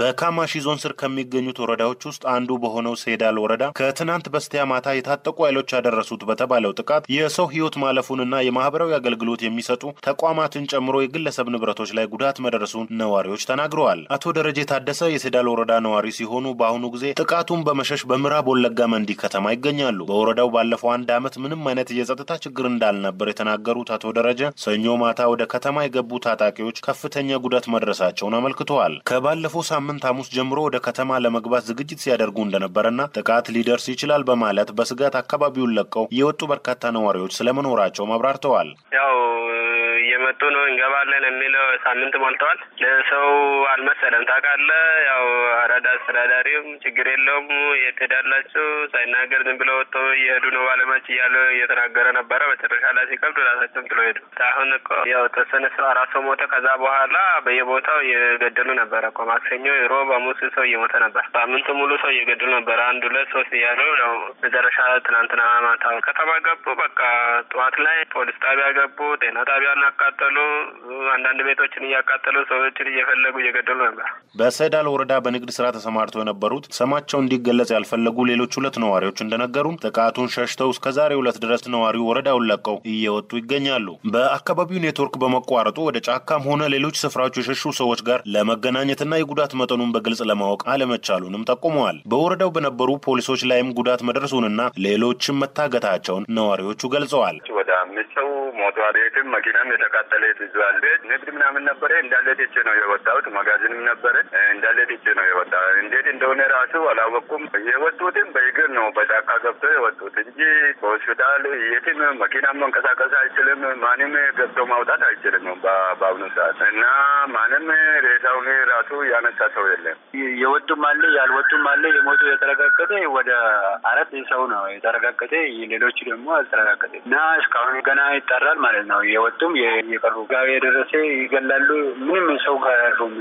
በካማሺ ዞን ስር ከሚገኙት ወረዳዎች ውስጥ አንዱ በሆነው ሴዳል ወረዳ ከትናንት በስቲያ ማታ የታጠቁ ኃይሎች ያደረሱት በተባለው ጥቃት የሰው ሕይወት ማለፉንና የማህበራዊ አገልግሎት የሚሰጡ ተቋማትን ጨምሮ የግለሰብ ንብረቶች ላይ ጉዳት መደረሱን ነዋሪዎች ተናግረዋል። አቶ ደረጀ ታደሰ የሴዳል ወረዳ ነዋሪ ሲሆኑ በአሁኑ ጊዜ ጥቃቱን በመሸሽ በምዕራብ ወለጋ መንዲ ከተማ ይገኛሉ። በወረዳው ባለፈው አንድ ዓመት ምንም አይነት የጸጥታ ችግር እንዳልነበር የተናገሩት አቶ ደረጀ ሰኞ ማታ ወደ ከተማ የገቡ ታጣቂዎች ከፍተኛ ጉዳት መድረሳቸውን አመልክተዋል። ከባለፈው ሳምንት ሐሙስ ጀምሮ ወደ ከተማ ለመግባት ዝግጅት ሲያደርጉ እንደነበረና ጥቃት ሊደርስ ይችላል በማለት በስጋት አካባቢውን ለቀው የወጡ በርካታ ነዋሪዎች ስለመኖራቸው አብራርተዋል። ያው እየመጡ ነው እንገባለን የሚለው ሳምንት ሞልተዋል። ለሰው አልመሰለም ታውቃለህ። ያው አራዳ አስተዳዳሪም ችግር የለውም የት ሄዳላችሁ ሳይናገር ዝም ብለው ወጥቶ እየሄዱ ነው ባለማች እያለ እየተናገረ ነበረ። መጨረሻ ላይ ሲከብድ ራሳቸውም ጥሎ ሄዱ። አሁን እኮ ያው ተወሰነ ሰው አራት ሰው ሞተ። ከዛ በኋላ በየቦታው እየገደሉ ነበረ እኮ ማክሰኞ፣ ሮብ፣ ሐሙስ ሰው እየሞተ ነበር። ሳምንት ሙሉ ሰው እየገደሉ ነበር። አንድ ሁለት ሶስት እያሉ ያው መጨረሻ ትናንትና ማታ ከተማ ገቡ። በቃ ጠዋት ላይ ፖሊስ ጣቢያ ገቡ። ጤና ጣቢያ አቃጥ እያቃጠሉ አንዳንድ ቤቶችን እያቃጠሉ ሰዎችን እየፈለጉ እየገደሉ ነበር። በሰዳል ወረዳ በንግድ ስራ ተሰማርተው የነበሩት ስማቸው እንዲገለጽ ያልፈለጉ ሌሎች ሁለት ነዋሪዎች እንደነገሩም ጥቃቱን ሸሽተው እስከ ዛሬ ሁለት ድረስ ነዋሪው ወረዳውን ለቀው እየወጡ ይገኛሉ። በአካባቢው ኔትወርክ በመቋረጡ ወደ ጫካም ሆነ ሌሎች ስፍራዎች የሸሹ ሰዎች ጋር ለመገናኘትና የጉዳት መጠኑን በግልጽ ለማወቅ አለመቻሉንም ጠቁመዋል። በወረዳው በነበሩ ፖሊሶች ላይም ጉዳት መድረሱንና ሌሎችም መታገታቸውን ነዋሪዎቹ ገልጸዋል። ወደ አምስት ሰው ተቃጥሏል። ቤትም መኪናም የተቃጠለ ይዟል። ቤት ንግድ ምናምን ነበረ እንዳለ ትቼ ነው የወጣሁት። መጋዘንም ነበረ እንዳለ ትቼ ነው የወጣ። እንዴት እንደሆነ ራሱ አላወቁም። የወጡትም በእግር ነው በጫካ ገብቶ የወጡት እንጂ በሆስፒታል የትም መኪናም መንቀሳቀስ አይችልም። ማንም ገብቶ ማውጣት አይችልም በአሁኑ ሰዓት እና ማንም ሬሳውን ራሱ ያነሳ ሰው የለም። የወጡም አለ ያልወጡም አለ። የሞቱ የተረጋገጠ ወደ አራት ሰው ነው የተረጋገጠ። ሌሎች ደግሞ አልተረጋገጠ እና እስካሁን ገና ይጠራል ማለት ነው። የወጡም የቀሩ ጋር የደረሰ ይገላሉ። ምንም ሰው ጋሩም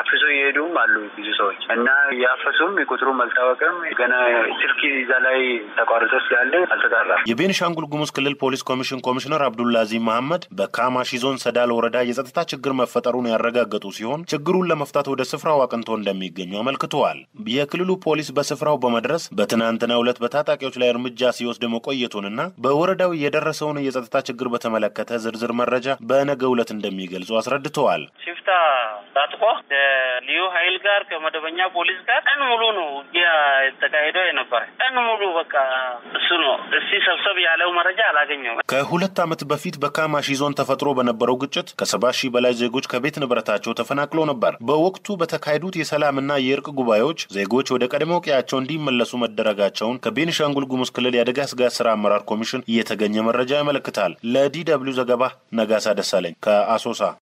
አፍሶ የሄዱም አሉ ብዙ ሰዎች እና ያፈሱም የቁጥሩ አልታወቀም። ገና ስልክ ይዛ ላይ ተቋርጦ ስላለ አልተጣራም። የቤንሻንጉል ጉሙዝ ክልል ፖሊስ ኮሚሽን ኮሚሽነር አብዱላዚ መሐመድ በካማሺ ዞን ሰዳል ወረዳ የጸጥታ ችግር መፈጠሩን ያረጋገጡ ሲሆን ችግሩን ለመፍታት ወደ ስፍራው አቅንቶ እንደሚገኙ አመልክተዋል። የክልሉ ፖሊስ በስፍራው በመድረስ በትናንትና ሁለት በታጣቂዎች ላይ እርምጃ ሲወስድ መቆየቱንና በወረዳው የደረሰውን የጸጥታ ችግር በተመለከ የተመለከተ ዝርዝር መረጃ በነገ ዕለት እንደሚገልጹ አስረድተዋል። ሽፍታ ታጥቆ ልዩ ኃይል ጋር ከመደበኛ ፖሊስ ጋር ቀን ሙሉ ነው ተካሂዶ የነበረ ቀን ሙሉ በቃ እሱ ነው። እስቲ ሰብሰብ ያለው መረጃ አላገኘውም። ከሁለት ዓመት በፊት በካማሺ ዞን ተፈጥሮ በነበረው ግጭት ከሰባ ሺህ በላይ ዜጎች ከቤት ንብረታቸው ተፈናቅለው ነበር። በወቅቱ በተካሄዱት የሰላምና የእርቅ ጉባኤዎች ዜጎች ወደ ቀድሞው ቀያቸው እንዲመለሱ መደረጋቸውን ከቤኒሻንጉል ጉሙዝ ክልል የአደጋ ስጋት ስራ አመራር ኮሚሽን እየተገኘ መረጃ ያመለክታል። ለዲ ደብልዩ ዘገባ ነጋሳ ደሳለኝ ከአሶሳ